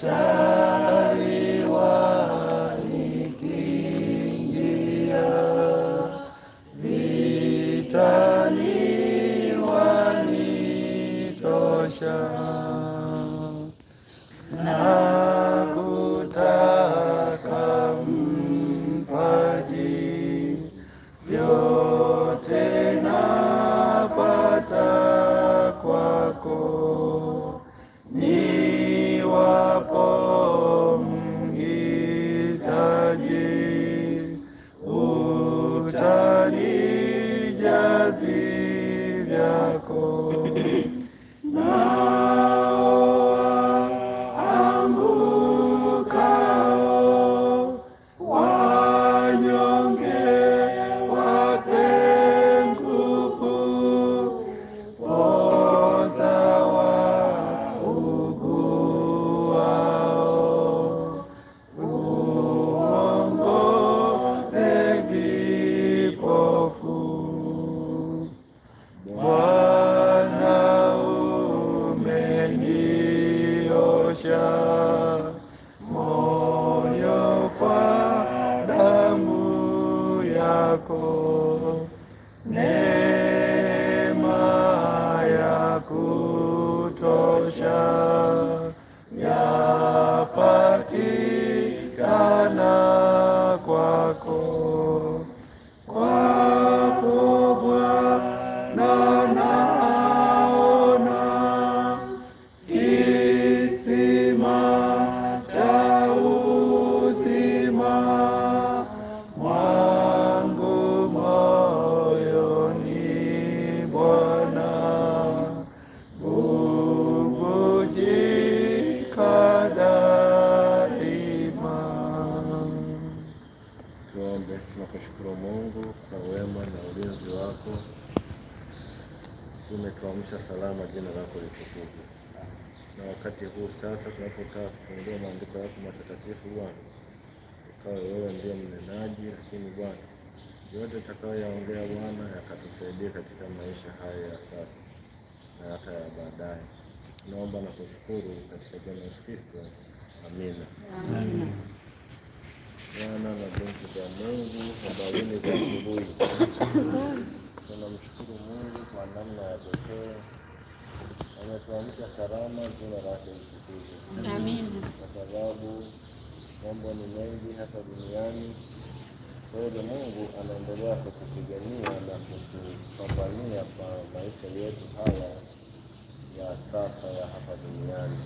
Shalom. yetu asubuhi. Tunamshukuru Mungu kwa namna ya pekee ametuamsha salama, jina lake litukuzwe. Amina. Kwa sababu mambo ni mengi hapa duniani, kweli Mungu anaendelea kutupigania na kutupambania kwa maisha yetu haya ya sasa ya hapa duniani.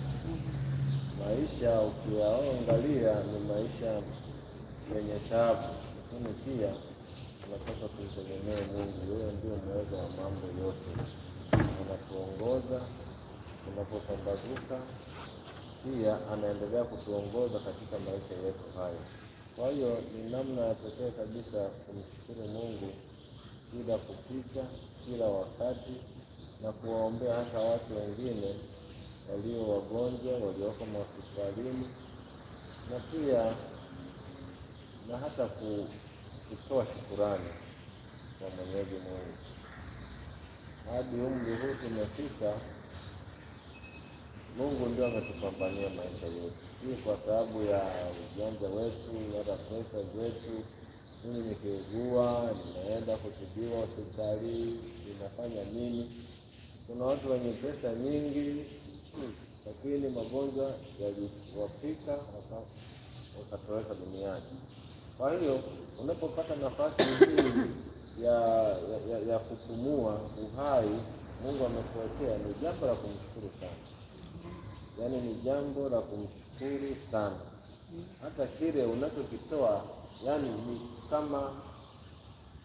Maisha ukiyaangalia ni maisha yenye taabu, lakini pia tunapaswa kumtegemea Mungu. Yeye ndio mweza wa mambo yote, anatuongoza tunapotambazuka, pia anaendelea kutuongoza katika maisha yetu hayo. Kwa hiyo ni namna ya pekee kabisa kumshukuru Mungu bila kupita, kila wakati na kuwaombea hata watu wengine walio wagonjwa, walioko mahospitalini na pia na hata ku kutoa shukurani kwa Mwenyezi Mungu. Hadi umri huu tumefika, Mungu ndio ametupambania maisha yetu, hii kwa sababu ya ujanja wetu wala pesa zetu. Mimi nikiugua ninaenda kutibiwa hospitali, ninafanya nini? Kuna watu wenye pesa nyingi, lakini magonjwa yaliwafika wakatoweka duniani. Kwa hiyo unapopata nafasi hii ya, ya, ya, ya kupumua uhai Mungu amekuwekea, ni jambo la kumshukuru sana, yaani ni jambo la kumshukuru sana. Hata kile unachokitoa yani ni kama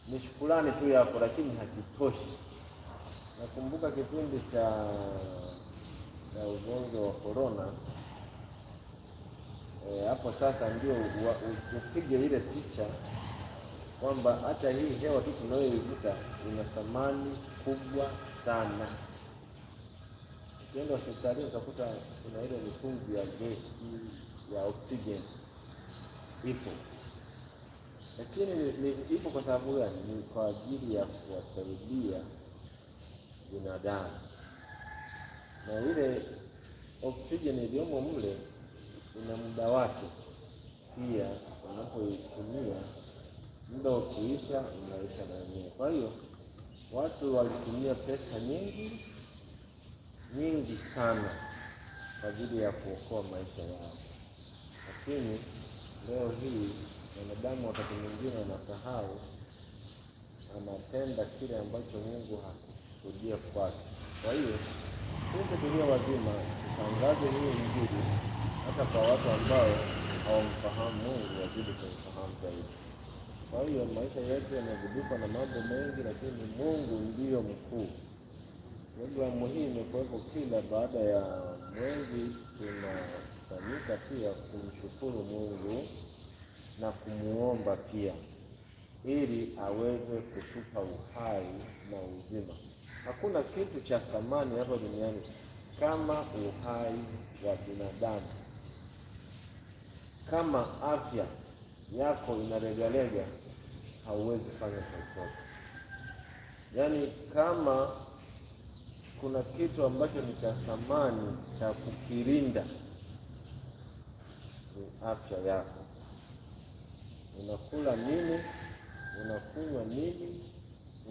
ni shukrani tu yako, lakini hakitoshi. Nakumbuka kipindi cha cha ugonjwa wa korona Eh, hapo e, sasa ndio upige ile picha kwamba hata hii hewa tu tunayoivuta ina thamani kubwa sana. Ukienda hospitali utakuta kuna ile mitungi ya gesi ya oksijeni ipo, lakini ipo kwa sababu gani? Ni kwa ajili ya kuwasaidia binadamu, na ile oksijeni iliyomo mle ina muda wake pia, unapoitumia muda ukiisha, unaisha na wenyewe. Kwa hiyo watu walitumia pesa nyingi nyingi sana kwa ajili ya kuokoa maisha yao, lakini leo hii wanadamu wakati mwingine wanasahau anatenda kile ambacho Mungu hakusudia kwake. Kwa hiyo sisi dunia wazima tutangaze hiyo Injili hata kwa watu ambao hawamfahamu Mungu wazidi kumfahamu zaidi. Kwa hiyo maisha yetu yanagubikwa na mambo mengi, lakini Mungu ndiyo mkuu. Programu hii imekuwepo kila baada ya mwezi, tunafanyika pia kumshukuru Mungu na kumwomba pia ili aweze kutupa uhai na uzima. Hakuna kitu cha thamani hapa duniani kama uhai wa binadamu. Kama afya yako inalegalega, hauwezi fanya chochote. Yaani, kama kuna kitu ambacho ni cha thamani cha kukilinda ni afya yako. Unakula nini, unakunywa nini,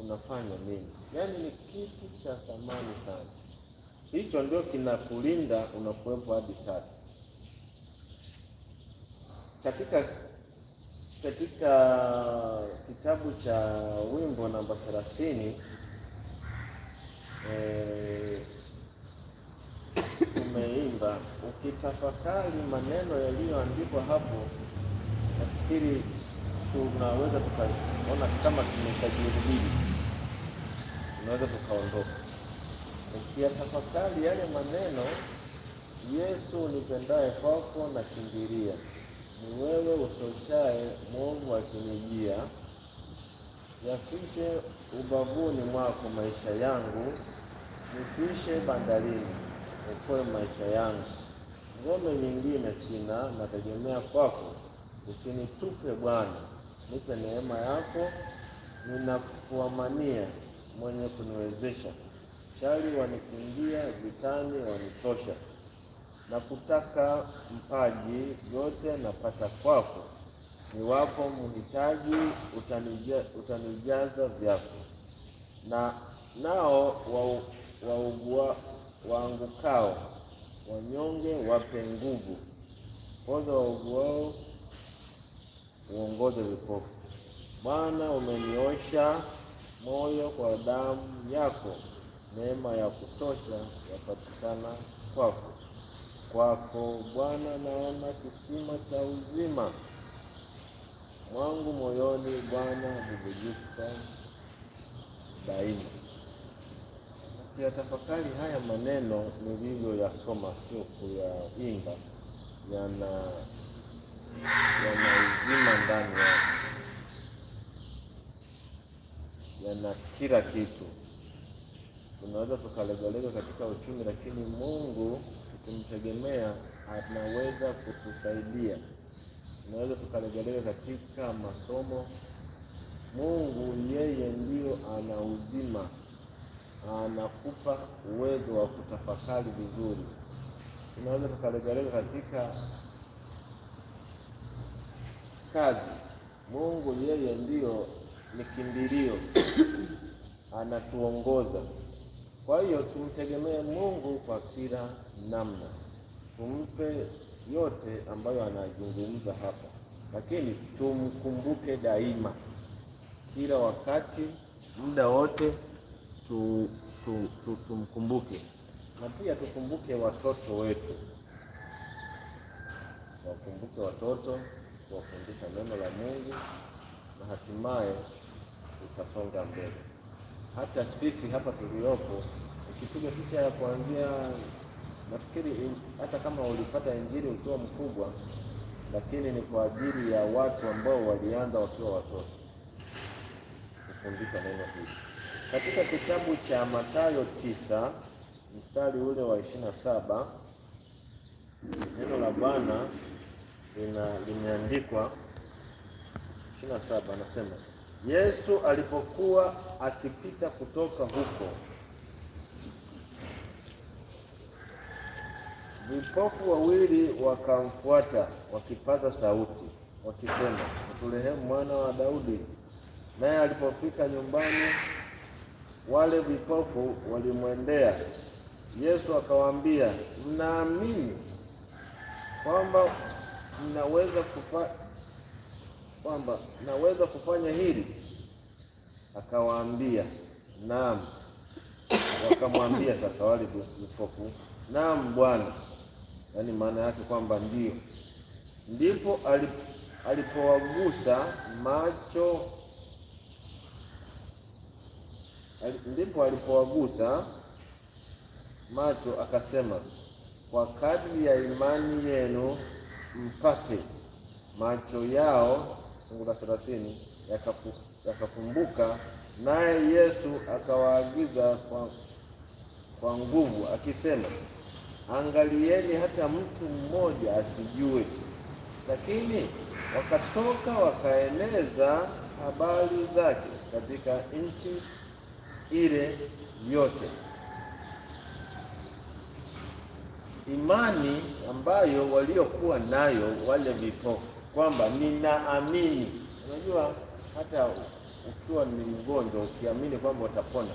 unafanya nini, yaani ni kitu cha thamani sana. Hicho ndio kinakulinda unakuwepo hadi sasa. Katika katika kitabu cha wimbo namba 30 eh, umeimba ukitafakari maneno yaliyoandikwa hapo, nafikiri tunaweza tukaona kama hili tunaweza tukaondoka. Ukiyatafakari yale maneno, Yesu nipendaye kwako nakimbilia ni wewe utoshae mwovu akinijia, yafishe ubavuni mwako maisha yangu, nifishe bandarini, okoe maisha yangu. Ngome nyingine sina, nategemea kwako. Usinitupe Bwana, nipe neema yako, ninakuamania mwenye kuniwezesha. Shari wanikingia vitani, wanitosha na kutaka mpaji, yote napata kwako. Niwapo mhitaji, utanijaza vyako. Na nao waugua waangukao, wanyonge wape nguvu. Poza wauguao, uongoze vipofu. Bwana, umeniosha moyo kwa damu yako, neema ya kutosha yapatikana kwako kwako Bwana, naona kisima cha uzima mwangu moyoni, Bwana hububujika daima. tafakari haya maneno niliyoyasoma, sio kuyaimba, yana yana uzima ndani yake, yana kila kitu. Tunaweza tukalegalega katika uchumi, lakini Mungu kumtegemea anaweza kutusaidia, tunaweza tukarejelea katika masomo. Mungu yeye ndiyo ana uzima, anakupa uwezo wa kutafakari vizuri. Tunaweza tukarejelea katika kazi. Mungu yeye ndiyo ni kimbilio, anatuongoza. Kwa hiyo tumtegemee Mungu kwa kila namna, tumpe yote ambayo anazungumza hapa, lakini tumkumbuke daima, kila wakati, muda wote tu, tu, tu, tumkumbuke na pia tukumbuke watoto wetu, wakumbuke watoto, kuwafundisha neno la Mungu na hatimaye tutasonga mbele. Hata sisi hapa tuliopo, ukipiga picha ya kuanzia Nafikiri hata kama ulipata injili ukiwa mkubwa, lakini ni kwa ajili ya watu ambao walianza wakiwa watoto kufundishwa neno hili. Katika kitabu cha Mathayo tisa mstari ule wa ishirini na saba neno la Bwana limeandikwa ishirini na saba anasema Yesu alipokuwa akipita kutoka huko Vipofu wawili wakamfuata wakipaza sauti wakisema, uturehemu mwana wa Daudi. Naye alipofika nyumbani, wale vipofu walimwendea Yesu akawaambia, mnaamini kwamba mnaweza kufa kwamba naweza kufanya hili? Akawaambia, naam. Wakamwambia sasa wale vipofu, naam Bwana yaani maana yake kwamba ndio ndipo alipowagusa macho ndipo alipowagusa macho akasema, kwa kadri ya imani yenu mpate. Macho yao fungu la thelathini yakafumbuka, yaka naye Yesu akawaagiza kwa, kwa nguvu akisema angalieni hata mtu mmoja asijue. Lakini wakatoka wakaeneza habari zake katika nchi ile yote. Imani ambayo waliokuwa nayo wale vipofu kwamba ninaamini. Unajua hata ukiwa ni mgonjwa ukiamini kwamba utapona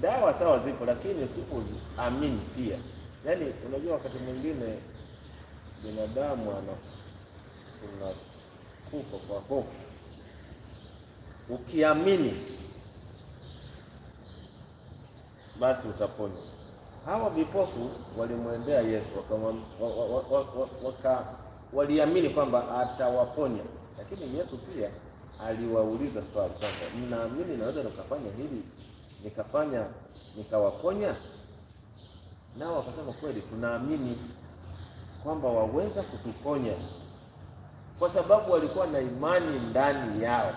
dawa sawa zipo, lakini usipoamini pia. Yaani unajua wakati mwingine binadamu ana unakufa kwa hofu, ukiamini basi utapona. Hawa vipofu walimwendea Yesu waka waliamini kwamba atawaponya, lakini Yesu pia aliwauliza swali kwamba mnaamini naweza nikafanya hili? nikafanya nikawaponya? Nao wakasema kweli, tunaamini kwamba waweza kutuponya, kwa sababu walikuwa na imani ndani yao.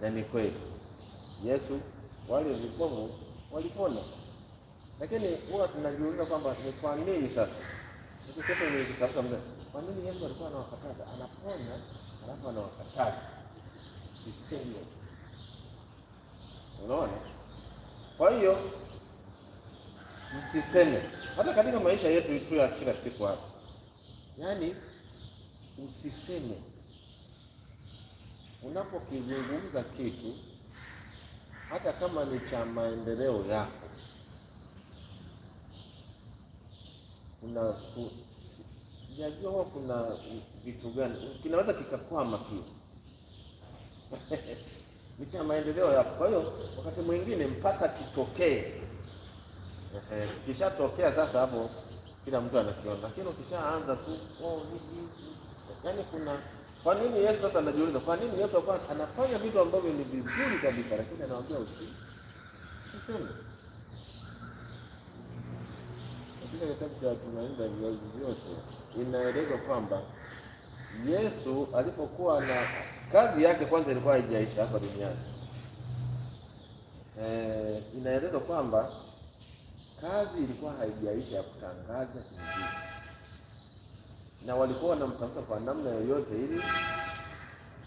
Na ni kweli Yesu wale vipofu walipona, lakini huwa tunajiuliza kwamba ni kwa nini sasa kwa nini Yesu alikuwa anawakataza? Anapona halafu anawakataza, siseme Unaona? Kwa hiyo msiseme, hata katika maisha yetu tu ya kila siku hapa, yaani usiseme. Unapokizungumza kitu hata kama ni cha maendeleo yako, kuna sijajua huwa kuna vitu gani kinaweza kikakwama pia licha ya maendeleo yapo. Kwa hiyo wakati mwingine mpaka kitokee, kishatokea sasa, hapo kila mtu anakiona, lakini ukishaanza tu oh, hivi Yani kuna kwa nini Yesu sasa anajiuliza, kwa nini Yesu kwa anafanya vitu ambavyo ni vizuri kabisa, lakini anawaambia usi tuseme katika kitabu cha Tumaini la Vizazi Vyote inaelezwa kwamba Yesu alipokuwa na Kazi yake kwanza ilikuwa haijaisha hapa duniani. Eh, inaelezwa kwamba kazi ilikuwa haijaisha ya kutangaza Injili, na walikuwa wanamtafuta kwa namna yoyote ili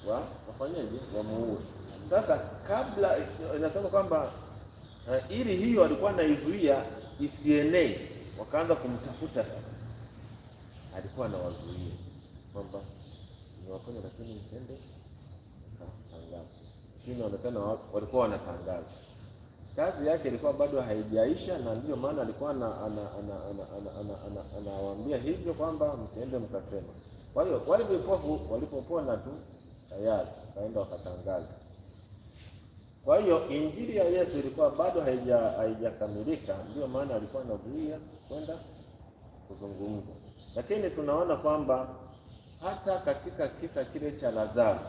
wa wafanyeje, wamuue. Sasa kabla inasema kwamba eh, ili hiyo alikuwa anaizuia isienee, wakaanza kumtafuta sasa, alikuwa anawazuia kwamba niwaponya, lakini msende lakini inaonekana walikuwa wanatangaza. Kazi yake ilikuwa bado haijaisha, na ndiyo maana alikuwa anawaambia hivyo kwamba msiende mkasema. Kwa hiyo wale vipofu walipopona tu tayari kaenda wakatangaza. Kwa hiyo injili ya Yesu ilikuwa bado haijakamilika, ndiyo maana alikuwa anazuia kwenda kuzungumza, lakini tunaona kwamba hata katika kisa kile cha Lazaro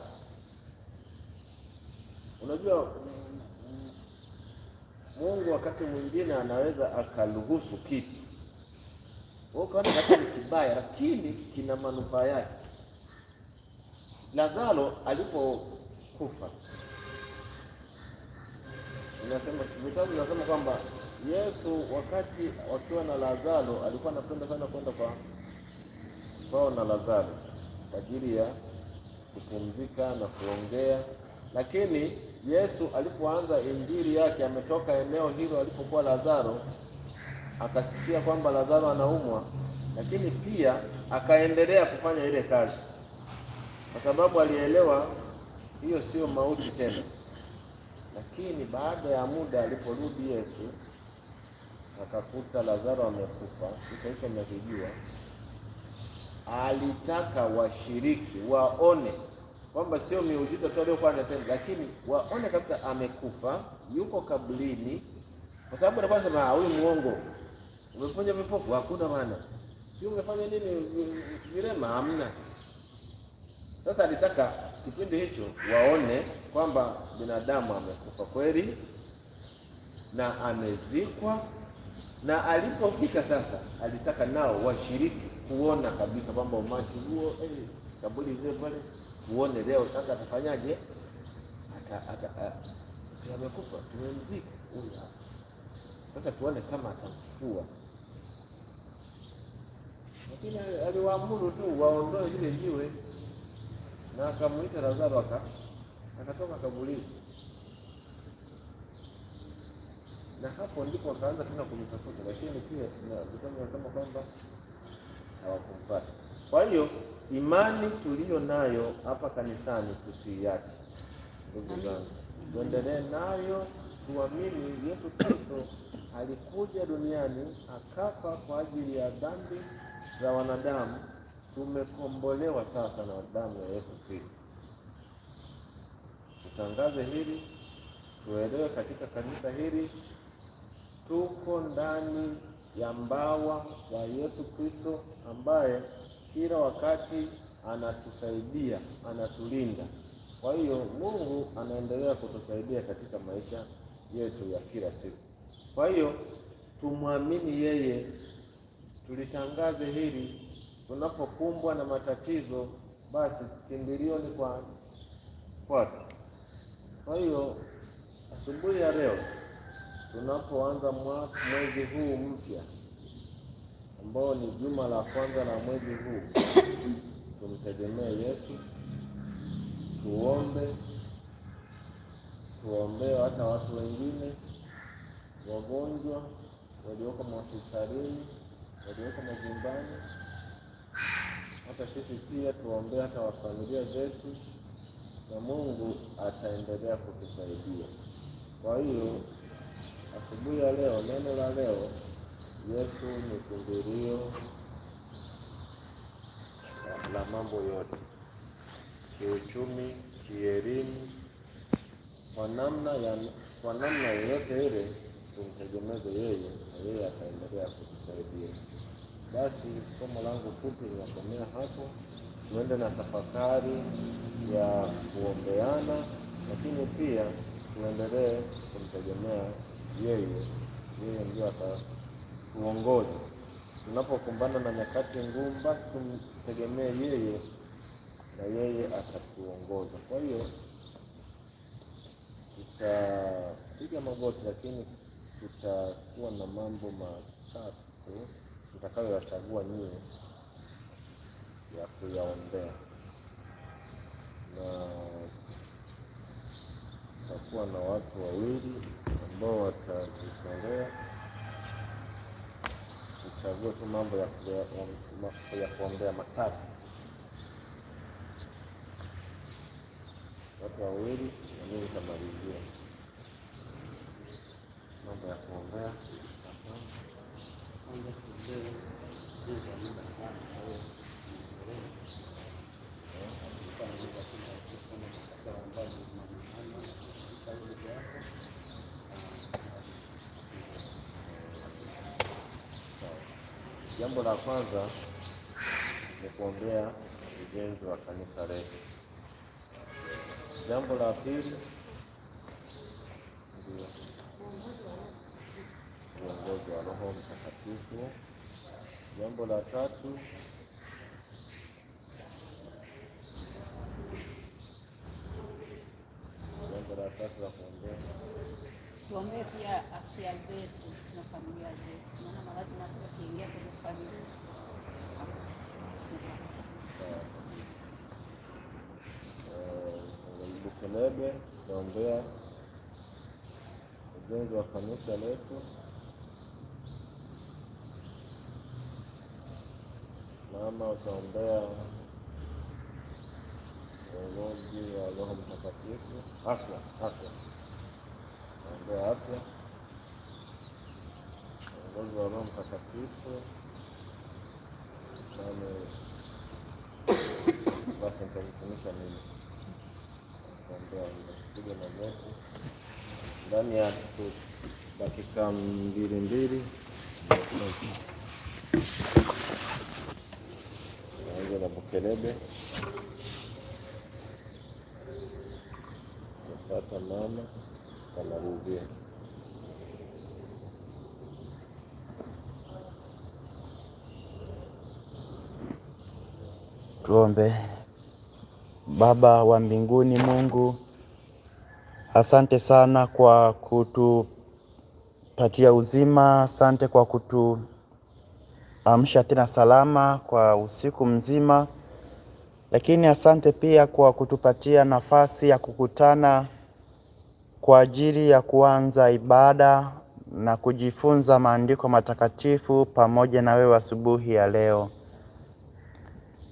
Unajua mm, mm, Mungu wakati mwingine anaweza akaruhusu kitu ukaona kata ni kibaya, lakini kina manufaa yake. Lazaro alipokufa, inasema vitabu vinasema kwamba Yesu wakati wakiwa na Lazaro alikuwa anapenda sana kwenda kwa kwao na Lazaro kwa ajili ya kupumzika na kuongea, lakini Yesu alipoanza injili yake ametoka eneo hilo alipokuwa Lazaro, akasikia kwamba Lazaro anaumwa, lakini pia akaendelea kufanya ile kazi, kwa sababu alielewa hiyo sio mauti tena. Lakini baada ya muda aliporudi Yesu akakuta Lazaro amekufa. Kisa hicho mmekijua. Alitaka washiriki waone kwamba sio miujiza tu aliyokuwa anatenda, lakini waone kabisa amekufa, yuko kaburini, kwa sababu anakuwa anasema ah, huyu mwongo, umefanya vipofu hakuna, maana si umefanya nini vilema? Hamna. Sasa alitaka kipindi hicho waone kwamba binadamu amekufa kweli na amezikwa, na alipofika sasa, alitaka nao washiriki kuona kabisa kwamba umati huo, hey, eh, kaburi zile pale uone leo sasa atafanyaje? Si amekufa tumemzika huyu hapa sasa, tuone kama atamfufua. Lakini aliwaamuru tu waondoe lile jiwe, na akamwita Lazaro akatoka kaburini, na hapo ndipo akaanza tena kumtafuta, lakini pia tunasema kwamba hawakumpata. Kwa hiyo imani tuliyo nayo hapa kanisani tusiiache, ndugu zangu, tuendelee nayo, tuamini Yesu Kristo alikuja duniani akafa kwa ajili ya dhambi za wanadamu. Tumekombolewa sasa na damu ya Yesu Kristo. Tutangaze hili, tuelewe katika kanisa hili, tuko ndani ya mbawa ya Yesu Kristo ambaye kila wakati anatusaidia, anatulinda. Kwa hiyo Mungu anaendelea kutusaidia katika maisha yetu ya kila siku. Kwa hiyo tumwamini yeye, tulitangaze hili. Tunapokumbwa na matatizo, basi kimbilio ni kwa kwake. Kwa hiyo asubuhi ya leo tunapoanza mwezi huu mpya ambao ni juma la kwanza la mwezi huu, tumtegemee Yesu, tuombe, tuombee hata watu wengine, wagonjwa walioko mahospitalini, walioko majumbani. Hata sisi pia tuombee hata wafamilia familia zetu, na Mungu ataendelea kutusaidia. Kwa hiyo asubuhi ya leo, neno la leo Yesu ni kimbilio la mambo yote, kiuchumi, kielimu, kwa namna ya kwa namna yoyote ile tumtegemeze yeye na yeye ataendelea kutusaidia. Basi somo langu fupi linakomea hapo, tuende na tafakari ya kuombeana, lakini pia tuendelee kumtegemea yeye. Yeye ndio ata uongozi. Tunapokumbana na nyakati ngumu, basi tumtegemee yeye na yeye atatuongoza. Kwa hiyo tutapiga magoti, lakini tutakuwa na mambo matatu tutakayoyachagua nyie ya kuyaombea na tutakuwa na watu wawili ambao watavitolea chagua tu mambo ya kuombea matatu, watu wawili nami nitamalizia mambo ya kuombea Jambo la kwanza ni kuombea ujenzi wa kanisa letu. Jambo la pili ndio uongozi wa Roho Mtakatifu. Jambo la tatu jambo la tatu la kuombea, tuombee pia afya zetu na familia zetu, maana maradhi Debe, naombea ujenzi wa kanisa letu mama, utaombea uongozi wa Roho Mtakatifu, afya afya, naombea afya, uongozi wa Roho Mtakatifu nami basi nitaitumisha mimi kuondoa hilo. Piga magoti ndani ya dakika mbili mbili, naanza na bukelebe, napata mama kamalizia tuombe. Baba wa mbinguni, Mungu, asante sana kwa kutupatia uzima, asante kwa kutuamsha tena salama kwa usiku mzima, lakini asante pia kwa kutupatia nafasi ya kukutana kwa ajili ya kuanza ibada na kujifunza maandiko matakatifu pamoja na wewe asubuhi ya leo.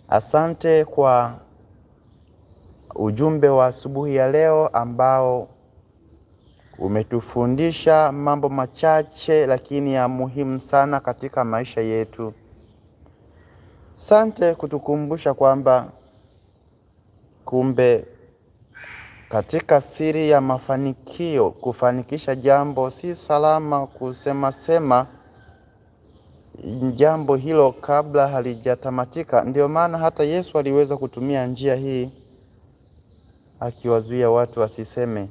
Asante kwa ujumbe wa asubuhi ya leo ambao umetufundisha mambo machache lakini ya muhimu sana katika maisha yetu. Sante kutukumbusha kwamba kumbe katika siri ya mafanikio, kufanikisha jambo si salama kusema sema jambo hilo kabla halijatamatika. Ndio maana hata Yesu aliweza kutumia njia hii akiwazuia watu wasiseme,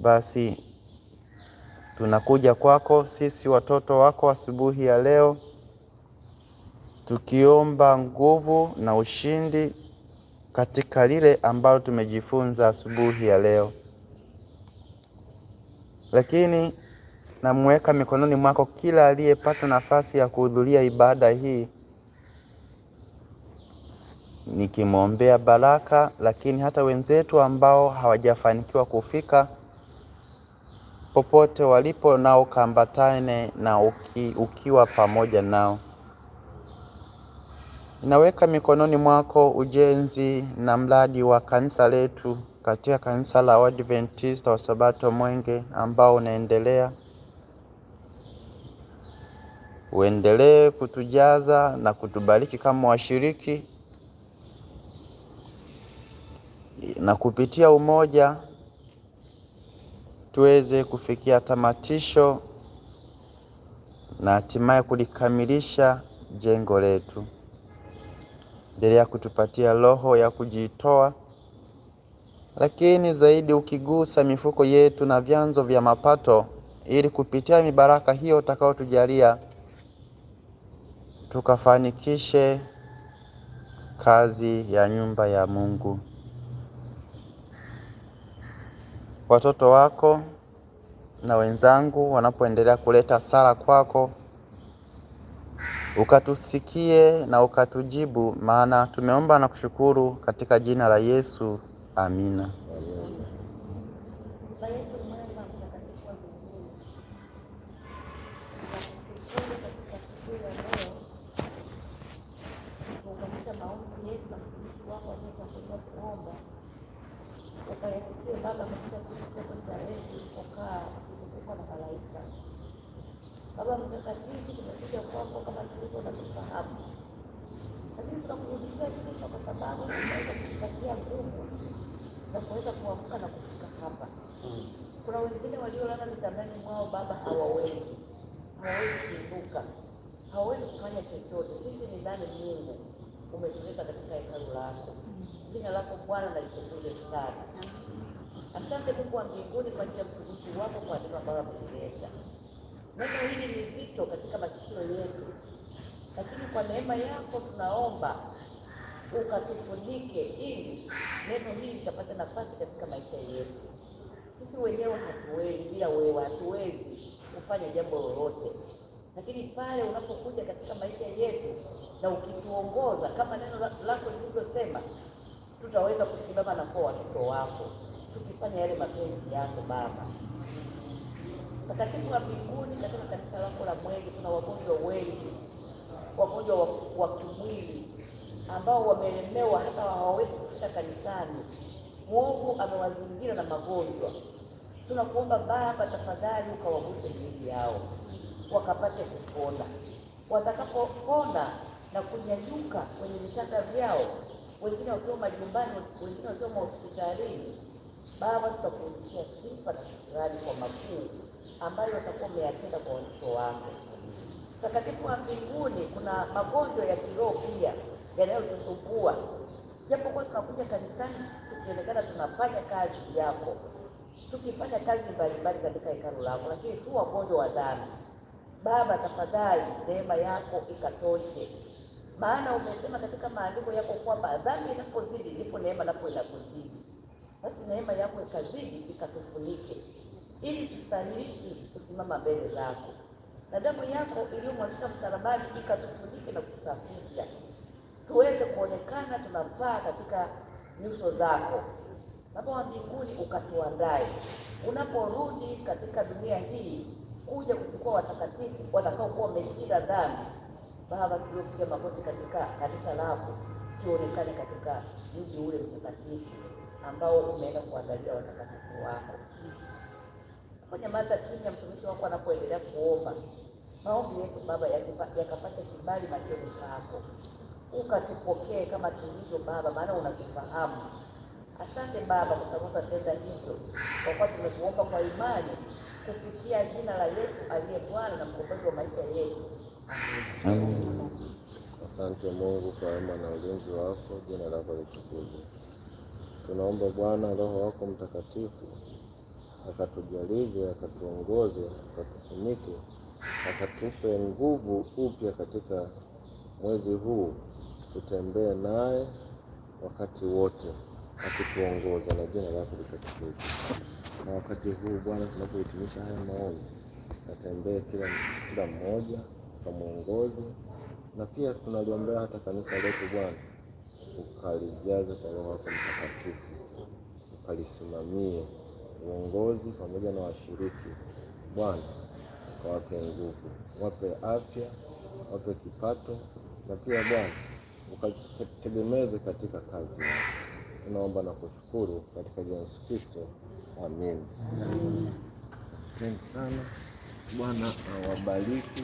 basi tunakuja kwako sisi watoto wako asubuhi ya leo tukiomba nguvu na ushindi katika lile ambalo tumejifunza asubuhi ya leo, lakini namweka mikononi mwako kila aliyepata nafasi ya kuhudhuria ibada hii nikimwombea baraka, lakini hata wenzetu ambao hawajafanikiwa kufika popote walipo, nao kambatane na uki, ukiwa pamoja nao. Naweka mikononi mwako ujenzi na mradi wa kanisa letu katika kanisa la Waadventista wa Sabato Mwenge ambao unaendelea. Uendelee kutujaza na kutubariki kama washiriki na kupitia umoja tuweze kufikia tamatisho na hatimaye kulikamilisha jengo letu. Endelea kutupatia roho ya kujitoa, lakini zaidi ukigusa mifuko yetu na vyanzo vya mapato, ili kupitia mibaraka hiyo utakayotujalia tukafanikishe kazi ya nyumba ya Mungu. watoto wako na wenzangu wanapoendelea kuleta sala kwako, ukatusikie na ukatujibu, maana tumeomba na kushukuru katika jina la Yesu, amina. ndani Mungu umetuweka katika hekalu lako, jina lako Bwana nalitukuze sana. Asante Mungu wa mbinguni kwa ajili ya mtumishi wako kwa neno ambalo ametuleta. Neno hili ni zito katika masikio yetu, lakini kwa neema yako tunaomba ukatufunike ili neno hili litapata nafasi katika maisha yetu. Sisi wenyewe hatuwezi, bila wewe hatuwezi kufanya jambo lolote. Lakini pale unapokuja katika maisha yetu na ukituongoza kama neno lako lilivyosema, tutaweza kusimama na kuwa watoto wako tukifanya yale mapenzi yako Baba Mtakatifu wa mbinguni. Katika kanisa lako la Mwenge kuna wagonjwa wengi, wagonjwa wa, kimwili ambao wamelemewa hata hawawezi kufika kanisani. Mwovu amewazingira na magonjwa. Tunakuomba Baba, tafadhali ukawaguse miili yao wakapate kupona. Watakapoponda na kunyanyuka kwenye vitanda vyao, wengine wakiwa majumbani, wengine wakiwa mahospitalini, Baba, tutakurudishia sifa na shukrani kwa makuu ambayo watakuwa wameyatenda kwa watoto wangu. Mtakatifu wa mbinguni, kuna magonjwa ya kiroho pia yanayotusumbua, japokuwa tunakuja kanisani tukionekana tunafanya kazi yako, tukifanya kazi mbalimbali katika hekalu lako, lakini tu wagonjwa wa dhambi Baba, tafadhali neema yako ikatoshe, maana umesema katika maandiko yako kwamba dhambi inapozidi ndipo neema napo inapozidi. Basi neema yako ikazidi ikatufunike, ili tustahiliki kusimama mbele zako, na damu yako iliyomwagika msalabani ikatufunike na kutusafisha, tuweze kuonekana tunafaa katika nyuso zako. Baba wa mbinguni, ukatuandae unaporudi katika dunia hii kuja kuchukua watakatifu watakaokuwa wameshinda dhambi. Baba, tuliopiga magoti katika kanisa lako, tuonekane katika mji ule mtakatifu ambao umeenda kuangalia watakatifu wako. Kunyamaza kimya, mtumishi wako anapoendelea kuomba maombi yetu Baba yakapata kibali machoni pako, ukatupokee kama tulivyo Baba, maana unatufahamu. Asante Baba kwa sababu utatenda hivyo, kwa kuwa tumekuomba kwa imani kupitia jina la Yesu aliye Bwana na mkombozi wa maisha yetu. Amen. Asante Mungu kwa wema na ulinzi wako, jina lako litukuzwe. Tunaomba Bwana Roho wako Mtakatifu akatujalize, akatuongoze, akatufunike, akatupe nguvu upya katika mwezi huu, tutembee naye wakati wote akituongoza, na jina lako litukuzwe na wakati huu Bwana, tunapohitimisha haya maombi, natembee kila kila mmoja mwongozi na pia tunaliombea hata kanisa letu Bwana, ukalijaze kwa Roho yako Mtakatifu, ukalisimamie uongozi pamoja na washiriki Bwana, ukawape nguvu, wape afya, wape kipato, na pia Bwana ukategemeze katika kazi. Tunaomba na kushukuru katika Yesu Kristo. Amen. Asanteni sana, Bwana awabariki.